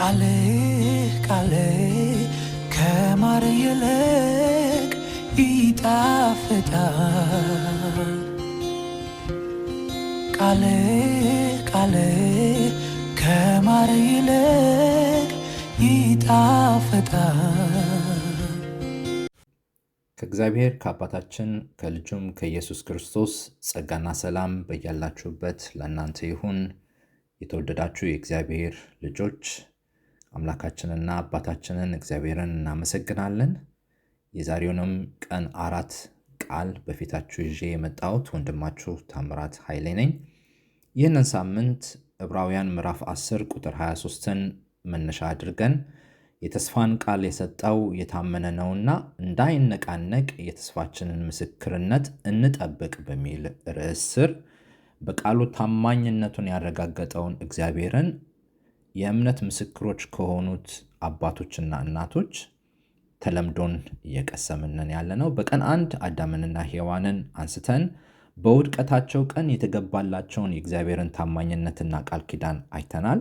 ቃሌ ቃሌ ከማር ይልቅ ይጣፍጣል። ቃሌ ቃሌ ከማር ይልቅ ይጣፍጣል። ከእግዚአብሔር ከአባታችን ከልጁም ከኢየሱስ ክርስቶስ ጸጋና ሰላም በያላችሁበት ለእናንተ ይሁን። የተወደዳችሁ የእግዚአብሔር ልጆች አምላካችንና አባታችንን እግዚአብሔርን እናመሰግናለን። የዛሬውንም ቀን አራት ቃል በፊታችሁ ይዤ የመጣሁት ወንድማችሁ ታምራት ኃይሌ ነኝ። ይህንን ሳምንት ዕብራውያን ምዕራፍ 10 ቁጥር 23ን መነሻ አድርገን የተስፋን ቃል የሰጠው የታመነ ነውና እንዳይነቃነቅ የተስፋችንን ምስክርነት እንጠብቅ በሚል ርዕስ ስር በቃሉ ታማኝነቱን ያረጋገጠውን እግዚአብሔርን የእምነት ምስክሮች ከሆኑት አባቶችና እናቶች ተለምዶን እየቀሰምንን ያለ ነው በቀን አንድ አዳምንና ሔዋንን አንስተን በውድቀታቸው ቀን የተገባላቸውን የእግዚአብሔርን ታማኝነትና ቃል ኪዳን አይተናል።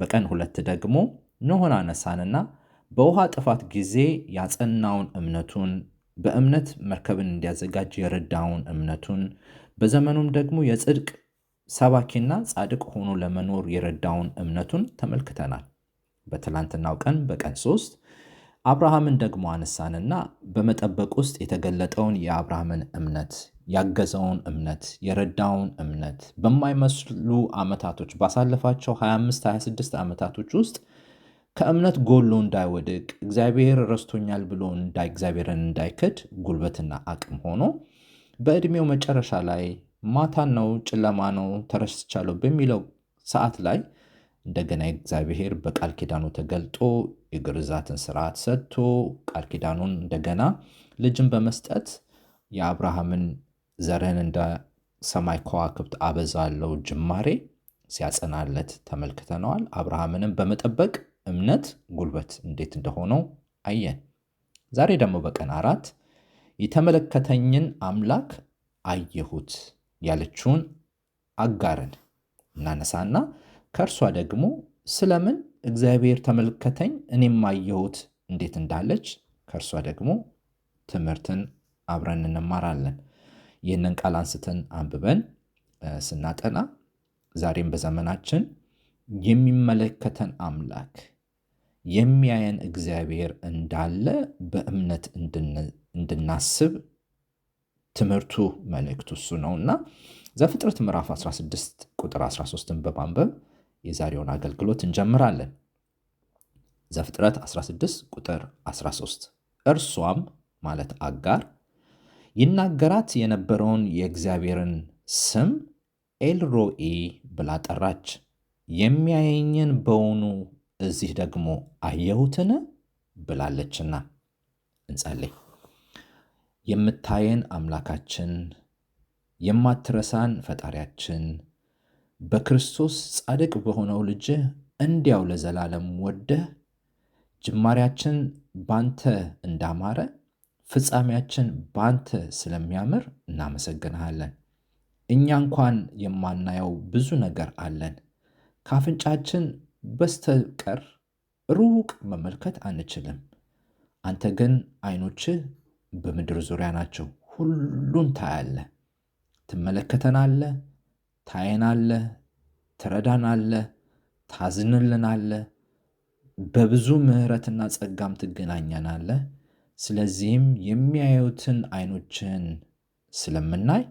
በቀን ሁለት ደግሞ ኖኅን አነሳንና በውሃ ጥፋት ጊዜ ያጸናውን እምነቱን በእምነት መርከብን እንዲያዘጋጅ የረዳውን እምነቱን በዘመኑም ደግሞ የጽድቅ ሰባኪና ጻድቅ ሆኖ ለመኖር የረዳውን እምነቱን ተመልክተናል። በትላንትናው ቀን በቀን ሶስት አብርሃምን ደግሞ አነሳንና በመጠበቅ ውስጥ የተገለጠውን የአብርሃምን እምነት ያገዘውን እምነት የረዳውን እምነት በማይመስሉ ዓመታቶች ባሳለፋቸው 25-26 ዓመታቶች ውስጥ ከእምነት ጎሎ እንዳይወድቅ እግዚአብሔር ረስቶኛል ብሎ እግዚአብሔርን እንዳይክድ ጉልበትና አቅም ሆኖ በዕድሜው መጨረሻ ላይ ማታን ነው፣ ጨለማ ነው፣ ተረስቻለሁ በሚለው ሰዓት ላይ እንደገና እግዚአብሔር በቃል ኪዳኑ ተገልጦ የግርዛትን ስርዓት ሰጥቶ ቃል ኪዳኑን እንደገና ልጅን በመስጠት የአብርሃምን ዘርን እንደ ሰማይ ከዋክብት አበዛለው ጅማሬ ሲያጸናለት ተመልክተነዋል። አብርሃምንም በመጠበቅ እምነት ጉልበት እንዴት እንደሆነው አየን። ዛሬ ደግሞ በቀን አራት የተመለከተኝን አምላክ አየሁት ያለችውን አጋርን እናነሳና ከእርሷ ደግሞ ስለምን እግዚአብሔር ተመልከተኝ እኔም አየሁት እንዴት እንዳለች ከእርሷ ደግሞ ትምህርትን አብረን እንማራለን። ይህንን ቃል አንስተን አንብበን ስናጠና ዛሬም በዘመናችን የሚመለከተን አምላክ የሚያየን እግዚአብሔር እንዳለ በእምነት እንድናስብ ትምህርቱ መልእክቱ እሱ ነው እና ዘፍጥረት ምዕራፍ 16 ቁጥር 13ን በማንበብ የዛሬውን አገልግሎት እንጀምራለን። ዘፍጥረት 16 ቁጥር 13 እርሷም ማለት አጋር ይናገራት የነበረውን የእግዚአብሔርን ስም ኤልሮኢ ብላ ጠራች። የሚያየኝን በውኑ እዚህ ደግሞ አየሁትን ብላለችና። እንጸልይ። የምታየን አምላካችን የማትረሳን ፈጣሪያችን በክርስቶስ ጻድቅ በሆነው ልጅ እንዲያው ለዘላለም ወደህ ጅማሬያችን ባንተ እንዳማረ ፍጻሜያችን ባንተ ስለሚያምር እናመሰግንሃለን። እኛ እንኳን የማናየው ብዙ ነገር አለን። ከአፍንጫችን በስተቀር ሩቅ መመልከት አንችልም። አንተ ግን ዓይኖችህ በምድር ዙሪያ ናቸው። ሁሉን አለ፣ ትረዳን ታየናለህ፣ ታዝንልን አለ በብዙ ምሕረትና ጸጋም አለ። ስለዚህም የሚያዩትን አይኖችን ስለምናይ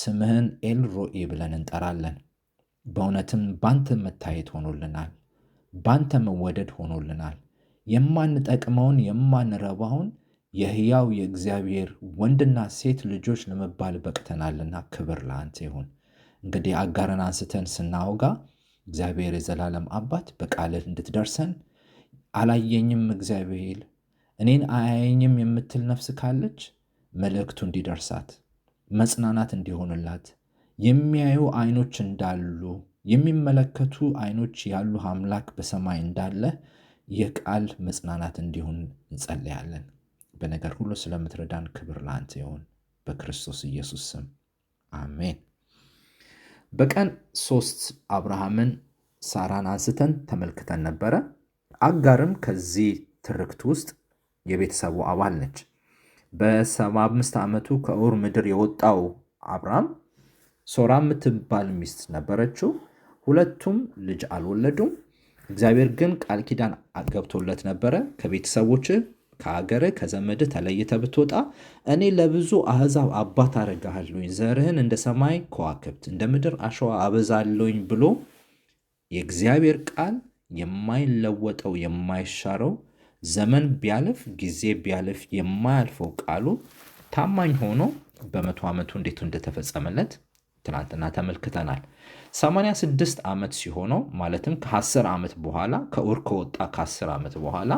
ስምህን ኤልሮኢ ብለን እንጠራለን። በእውነትም ባንተ መታየት ሆኖልናል፣ ባንተ መወደድ ሆኖልናል። የማንጠቅመውን የማንረባውን የሕያው የእግዚአብሔር ወንድና ሴት ልጆች ለመባል በቅተናልና ክብር ለአንተ ይሁን። እንግዲህ አጋርን አንስተን ስናወጋ እግዚአብሔር የዘላለም አባት በቃል እንድትደርሰን አላየኝም እግዚአብሔር እኔን አያየኝም የምትል ነፍስ ካለች መልእክቱ እንዲደርሳት መጽናናት እንዲሆንላት የሚያዩ አይኖች እንዳሉ የሚመለከቱ አይኖች ያሉ አምላክ በሰማይ እንዳለ የቃል መጽናናት እንዲሆን እንጸለያለን። በነገር ሁሉ ስለምትረዳን ክብር ለአንተ ይሆን በክርስቶስ ኢየሱስ ስም አሜን። በቀን ሶስት አብርሃምን ሳራን አንስተን ተመልክተን ነበረ። አጋርም ከዚህ ትርክት ውስጥ የቤተሰቡ አባል ነች። በሰባ አምስት ዓመቱ ከኡር ምድር የወጣው አብርሃም ሶራ የምትባል ሚስት ነበረችው። ሁለቱም ልጅ አልወለዱም። እግዚአብሔር ግን ቃል ኪዳን ገብቶለት ነበረ ከቤተሰቦች ከሀገር ከዘመድ ተለይተ ብትወጣ እኔ ለብዙ አህዛብ አባት አረግሃለሁኝ፣ ዘርህን እንደ ሰማይ ከዋክብት እንደ ምድር አሸዋ አበዛለሁኝ ብሎ የእግዚአብሔር ቃል የማይለወጠው የማይሻረው ዘመን ቢያልፍ ጊዜ ቢያልፍ የማያልፈው ቃሉ ታማኝ ሆኖ በመቶ ዓመቱ እንዴቱ እንደተፈጸመለት ትናንትና ተመልክተናል። 86 ዓመት ሲሆነው ማለትም ከ10 ዓመት በኋላ ከኡር ከወጣ ከ10 ዓመት በኋላ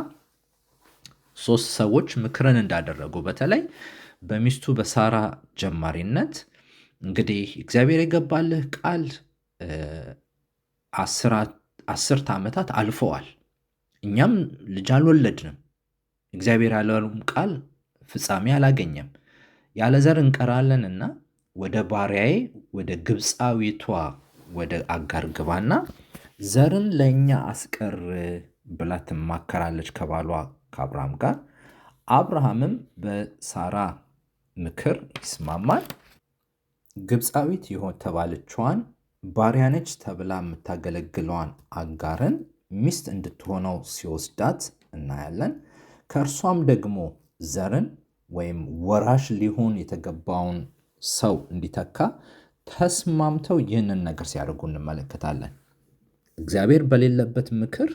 ሶስት ሰዎች ምክርን እንዳደረጉ በተለይ በሚስቱ በሳራ ጀማሪነት እንግዲህ እግዚአብሔር የገባልህ ቃል አስርት ዓመታት አልፈዋል፣ እኛም ልጅ አልወለድንም፣ እግዚአብሔር ያለውም ቃል ፍጻሜ አላገኘም፣ ያለ ዘር እንቀራለንና ወደ ባሪያዬ ወደ ግብፃዊቷ ወደ አጋር ግባና ዘርን ለእኛ አስቀር ብላ ትማከራለች ከባሏ ከአብርሃም ጋር። አብርሃምም በሳራ ምክር ይስማማል። ግብፃዊት የሆን ተባለችዋን ባሪያነች ተብላ የምታገለግለዋን አጋርን ሚስት እንድትሆነው ሲወስዳት እናያለን። ከእርሷም ደግሞ ዘርን ወይም ወራሽ ሊሆን የተገባውን ሰው እንዲተካ ተስማምተው ይህንን ነገር ሲያደርጉ እንመለከታለን። እግዚአብሔር በሌለበት ምክር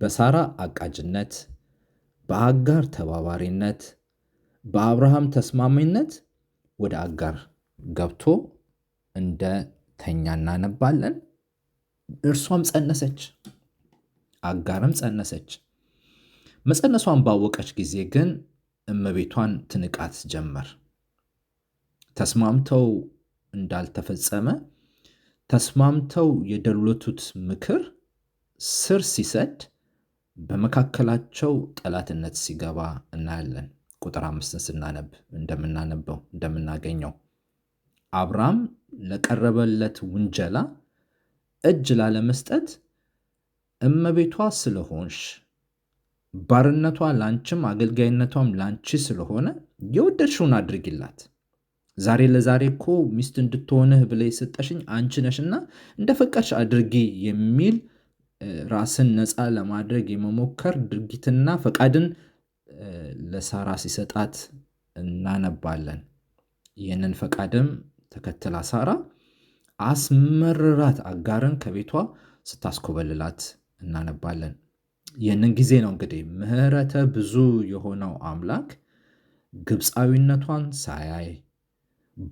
በሳራ አቃጅነት በአጋር ተባባሪነት በአብርሃም ተስማሚነት ወደ አጋር ገብቶ እንደ ተኛ እናነባለን። እርሷም ጸነሰች፣ አጋርም ጸነሰች። መጸነሷን ባወቀች ጊዜ ግን እመቤቷን ትንቃት ጀመር። ተስማምተው እንዳልተፈጸመ ተስማምተው የደሎቱት ምክር ስር ሲሰድ በመካከላቸው ጠላትነት ሲገባ እናያለን። ቁጥር አምስትን ስናነብ እንደምናነበው እንደምናገኘው አብርሃም ለቀረበለት ውንጀላ እጅ ላለመስጠት እመቤቷ ስለሆንሽ ባርነቷ ላንችም አገልጋይነቷም ላንቺ ስለሆነ የወደድሽውን አድርጊላት። ዛሬ ለዛሬ እኮ ሚስት እንድትሆንህ ብለ የሰጠሽኝ አንቺ ነሽና አድርጊ የሚል ራስን ነፃ ለማድረግ የመሞከር ድርጊትና ፈቃድን ለሳራ ሲሰጣት እናነባለን። ይህንን ፈቃድም ተከትላ ሳራ አስመርራት አጋርን ከቤቷ ስታስኮበልላት እናነባለን። ይህንን ጊዜ ነው እንግዲህ ምሕረተ ብዙ የሆነው አምላክ ግብፃዊነቷን ሳያይ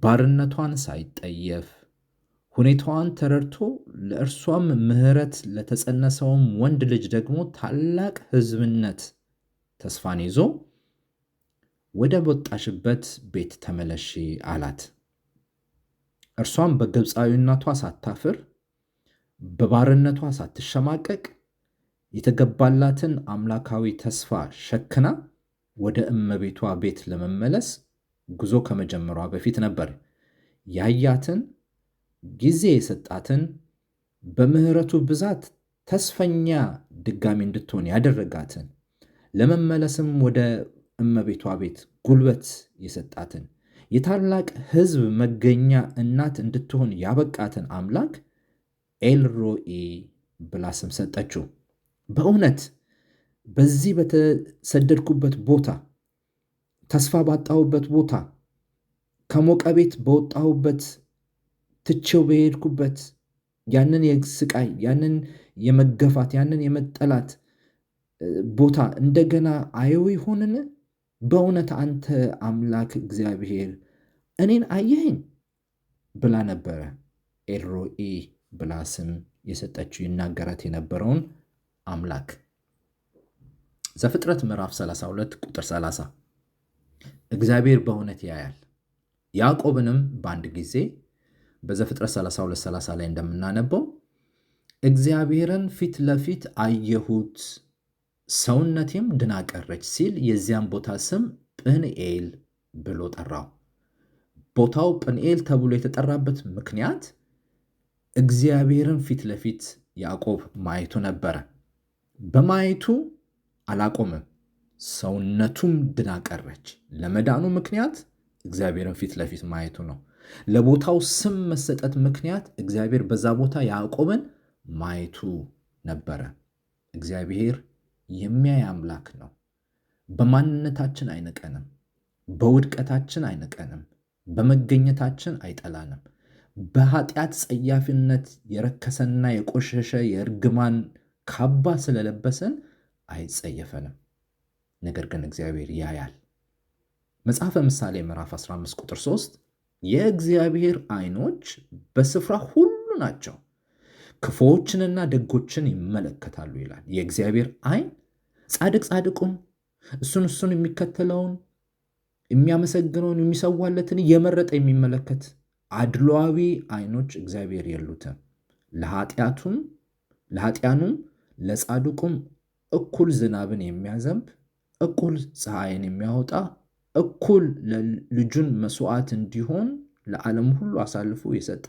ባርነቷን ሳይጠየፍ ሁኔታዋን ተረድቶ ለእርሷም ምሕረት ለተጸነሰውም ወንድ ልጅ ደግሞ ታላቅ ሕዝብነት ተስፋን ይዞ ወደ ወጣሽበት ቤት ተመለሺ አላት። እርሷም በግብፃዊነቷ ሳታፍር በባርነቷ ሳትሸማቀቅ የተገባላትን አምላካዊ ተስፋ ሸክና ወደ እመቤቷ ቤት ለመመለስ ጉዞ ከመጀመሯ በፊት ነበር ያያትን ጊዜ የሰጣትን በምሕረቱ ብዛት ተስፈኛ ድጋሚ እንድትሆን ያደረጋትን ለመመለስም ወደ እመቤቷ ቤት ጉልበት የሰጣትን የታላቅ ሕዝብ መገኛ እናት እንድትሆን ያበቃትን አምላክ ኤልሮኢ ብላ ስም ሰጠችው። በእውነት በዚህ በተሰደድኩበት ቦታ፣ ተስፋ ባጣሁበት ቦታ፣ ከሞቀ ቤት በወጣሁበት ትቼው በሄድኩበት ያንን የስቃይ ያንን የመገፋት ያንን የመጠላት ቦታ እንደገና አየው ይሆንን? በእውነት አንተ አምላክ እግዚአብሔር እኔን አየኸኝ ብላ ነበረ ኤልሮኢ ብላ ስም የሰጠችው ይናገራት የነበረውን አምላክ ዘፍጥረት ምዕራፍ 32 ቁጥር 30 እግዚአብሔር በእውነት ያያል፣ ያዕቆብንም በአንድ ጊዜ በዘፍጥረት 32 ላይ እንደምናነበው እግዚአብሔርን ፊት ለፊት አየሁት ሰውነቴም ድና ቀረች ሲል የዚያን ቦታ ስም ጵንኤል ብሎ ጠራው። ቦታው ጵንኤል ተብሎ የተጠራበት ምክንያት እግዚአብሔርን ፊት ለፊት ያዕቆብ ማየቱ ነበረ። በማየቱ አላቆምም፣ ሰውነቱም ድና ቀረች። ለመዳኑ ምክንያት እግዚአብሔርን ፊት ለፊት ማየቱ ነው። ለቦታው ስም መሰጠት ምክንያት እግዚአብሔር በዛ ቦታ ያዕቆብን ማየቱ ነበረ። እግዚአብሔር የሚያይ አምላክ ነው። በማንነታችን አይንቀንም፣ በውድቀታችን አይንቀንም፣ በመገኘታችን አይጠላንም። በኃጢአት ጸያፊነት የረከሰና የቆሸሸ የእርግማን ካባ ስለለበሰን አይጸየፈንም። ነገር ግን እግዚአብሔር ያያል። መጽሐፈ ምሳሌ ምዕራፍ 15 ቁጥር 3 የእግዚአብሔር አይኖች በስፍራ ሁሉ ናቸው፣ ክፉዎችንና ደጎችን ይመለከታሉ ይላል። የእግዚአብሔር አይን ጻድቅ ጻድቁን፣ እሱን እሱን የሚከተለውን፣ የሚያመሰግነውን፣ የሚሰዋለትን እየመረጠ የሚመለከት አድሏዊ አይኖች እግዚአብሔር የሉትም። ለኃጢአቱም ለኃጢያኑም ለጻድቁም እኩል ዝናብን የሚያዘንብ እኩል ፀሐይን የሚያወጣ እኩል ለልጁን መስዋዕት እንዲሆን ለዓለም ሁሉ አሳልፎ የሰጠ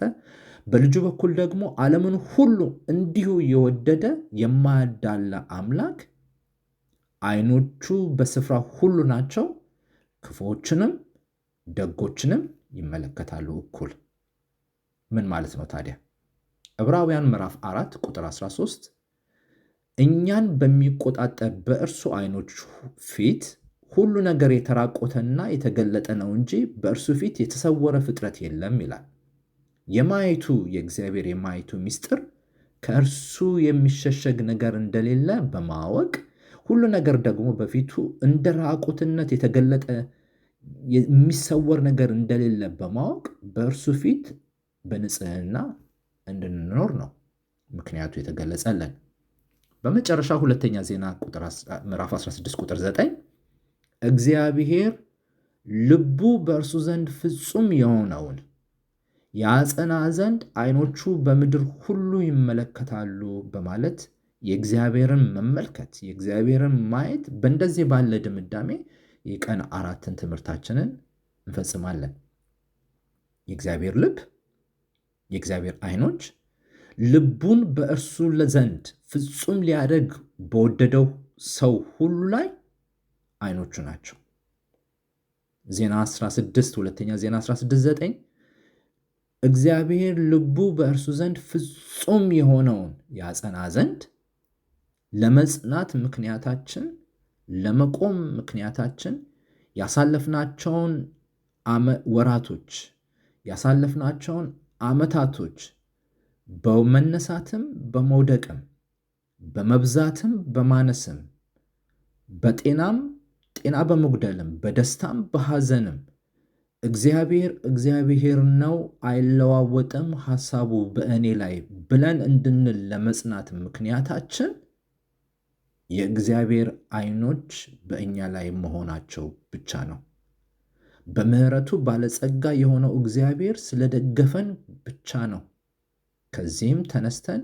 በልጁ በኩል ደግሞ ዓለምን ሁሉ እንዲሁ የወደደ የማያዳላ አምላክ አይኖቹ በስፍራ ሁሉ ናቸው፣ ክፉዎችንም ደጎችንም ይመለከታሉ እኩል። ምን ማለት ነው ታዲያ? ዕብራውያን ምዕራፍ 4 ቁጥር 13 እኛን በሚቆጣጠር በእርሱ አይኖች ፊት ሁሉ ነገር የተራቆተና የተገለጠ ነው እንጂ በእርሱ ፊት የተሰወረ ፍጥረት የለም ይላል። የማየቱ የእግዚአብሔር የማየቱ ምስጢር ከእርሱ የሚሸሸግ ነገር እንደሌለ በማወቅ ሁሉ ነገር ደግሞ በፊቱ እንደ ራቁትነት የተገለጠ የሚሰወር ነገር እንደሌለ በማወቅ በእርሱ ፊት በንጽህና እንድንኖር ነው ምክንያቱ የተገለጸለን። በመጨረሻ ሁለተኛ ዜና ምዕራፍ 16 ቁጥር 9 እግዚአብሔር ልቡ በእርሱ ዘንድ ፍጹም የሆነውን ያጸና ዘንድ ዓይኖቹ በምድር ሁሉ ይመለከታሉ በማለት የእግዚአብሔርን መመልከት የእግዚአብሔርን ማየት በእንደዚህ ባለ ድምዳሜ የቀን አራትን ትምህርታችንን እንፈጽማለን። የእግዚአብሔር ልብ የእግዚአብሔር ዓይኖች ልቡን በእርሱ ዘንድ ፍጹም ሊያደርግ በወደደው ሰው ሁሉ ላይ አይኖቹ ናቸው። ዜና 16 ሁለተኛ ዜና 169 እግዚአብሔር ልቡ በእርሱ ዘንድ ፍጹም የሆነውን ያጸና ዘንድ ለመጽናት ምክንያታችን ለመቆም ምክንያታችን ያሳለፍናቸውን ወራቶች ያሳለፍናቸውን ዓመታቶች በመነሳትም በመውደቅም በመብዛትም በማነስም በጤናም ጤና በመጉደልም በደስታም በሐዘንም እግዚአብሔር እግዚአብሔር ነው አይለዋወጥም ሐሳቡ በእኔ ላይ ብለን እንድንል ለመጽናት ምክንያታችን የእግዚአብሔር ዓይኖች በእኛ ላይ መሆናቸው ብቻ ነው። በምሕረቱ ባለጸጋ የሆነው እግዚአብሔር ስለደገፈን ብቻ ነው። ከዚህም ተነስተን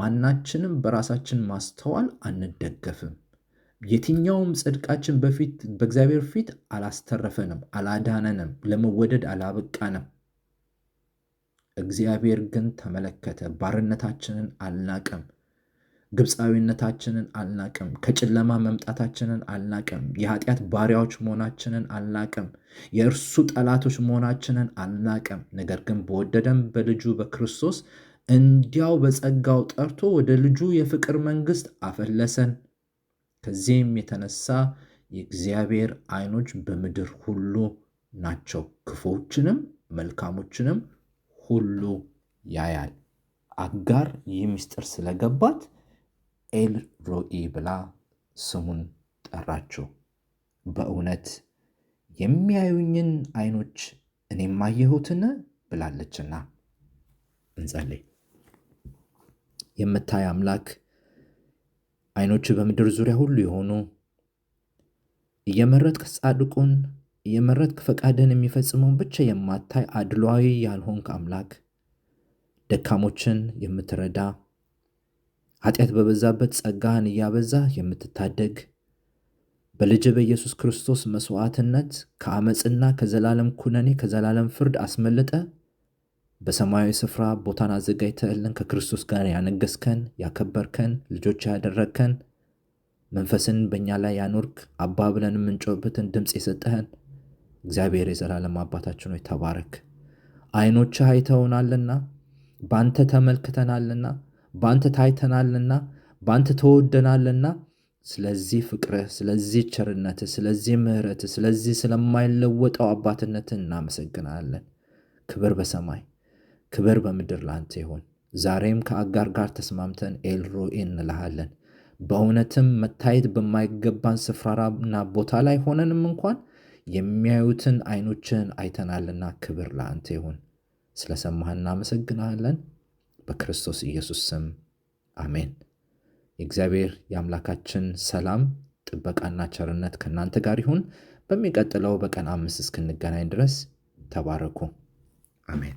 ማናችንም በራሳችን ማስተዋል አንደገፍም። የትኛውም ጽድቃችን በፊት በእግዚአብሔር ፊት አላስተረፈንም፣ አላዳነንም፣ ለመወደድ አላበቃንም። እግዚአብሔር ግን ተመለከተ፣ ባርነታችንን አልናቀም፣ ግብፃዊነታችንን አልናቀም፣ ከጨለማ መምጣታችንን አልናቀም፣ የኃጢአት ባሪያዎች መሆናችንን አልናቀም፣ የእርሱ ጠላቶች መሆናችንን አልናቀም። ነገር ግን በወደደን በልጁ በክርስቶስ እንዲያው በጸጋው ጠርቶ ወደ ልጁ የፍቅር መንግስት አፈለሰን። ከዚህም የተነሳ የእግዚአብሔር ዓይኖች በምድር ሁሉ ናቸው፣ ክፉዎችንም መልካሞችንም ሁሉ ያያል። አጋር ይህ ምስጢር ስለገባት ኤል ሮኢ ብላ ስሙን ጠራችው። በእውነት የሚያዩኝን ዓይኖች እኔም አየሁትን ብላለችና። እንጸልይ። የምታይ አምላክ ዓይኖች በምድር ዙሪያ ሁሉ የሆኑ እየመረጥክ ጻድቁን እየመረጥክ ፈቃድን የሚፈጽመውን ብቻ የማታይ አድሏዊ ያልሆንክ አምላክ ደካሞችን የምትረዳ ኃጢአት በበዛበት ጸጋን እያበዛ የምትታደግ በልጅ በኢየሱስ ክርስቶስ መሥዋዕትነት ከዓመፅና ከዘላለም ኩነኔ ከዘላለም ፍርድ አስመልጠ በሰማያዊ ስፍራ ቦታን አዘጋጅተህልን ከክርስቶስ ጋር ያነገስከን፣ ያከበርከን፣ ልጆች ያደረግከን፣ መንፈስን በእኛ ላይ ያኖርክ፣ አባ ብለን የምንጮህበትን ድምፅ የሰጠህን እግዚአብሔር የዘላለም አባታችን ሆይ ተባረክ። አይኖች አይተውናልና፣ በአንተ ተመልክተናልና፣ በአንተ ታይተናልና፣ በአንተ ተወደናልና ስለዚህ ፍቅርህ፣ ስለዚህ ቸርነት ስለዚህ ምህረት ስለዚህ ስለማይለወጠው አባትነት እናመሰግናለን። ክብር በሰማይ ክብር በምድር ላንተ ይሁን። ዛሬም ከአጋር ጋር ተስማምተን ኤልሮኢ እንልሃለን። በእውነትም መታየት በማይገባን ስፍራና ቦታ ላይ ሆነንም እንኳን የሚያዩትን አይኖችን አይተናልና ክብር ለአንተ ይሁን። ስለሰማህን እናመሰግናለን። በክርስቶስ ኢየሱስ ስም አሜን። የእግዚአብሔር የአምላካችን ሰላም ጥበቃና ቸርነት ከእናንተ ጋር ይሁን። በሚቀጥለው በቀን አምስት እስክንገናኝ ድረስ ተባረኩ። አሜን።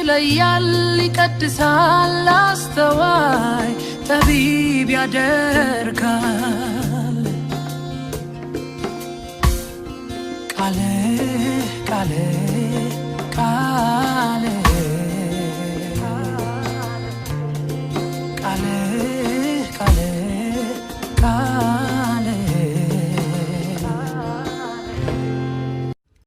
ይለያል፣ ይቀድሳል፣ አስተዋይ ጠቢብ ያደርጋል። ቃልህ ቃልህ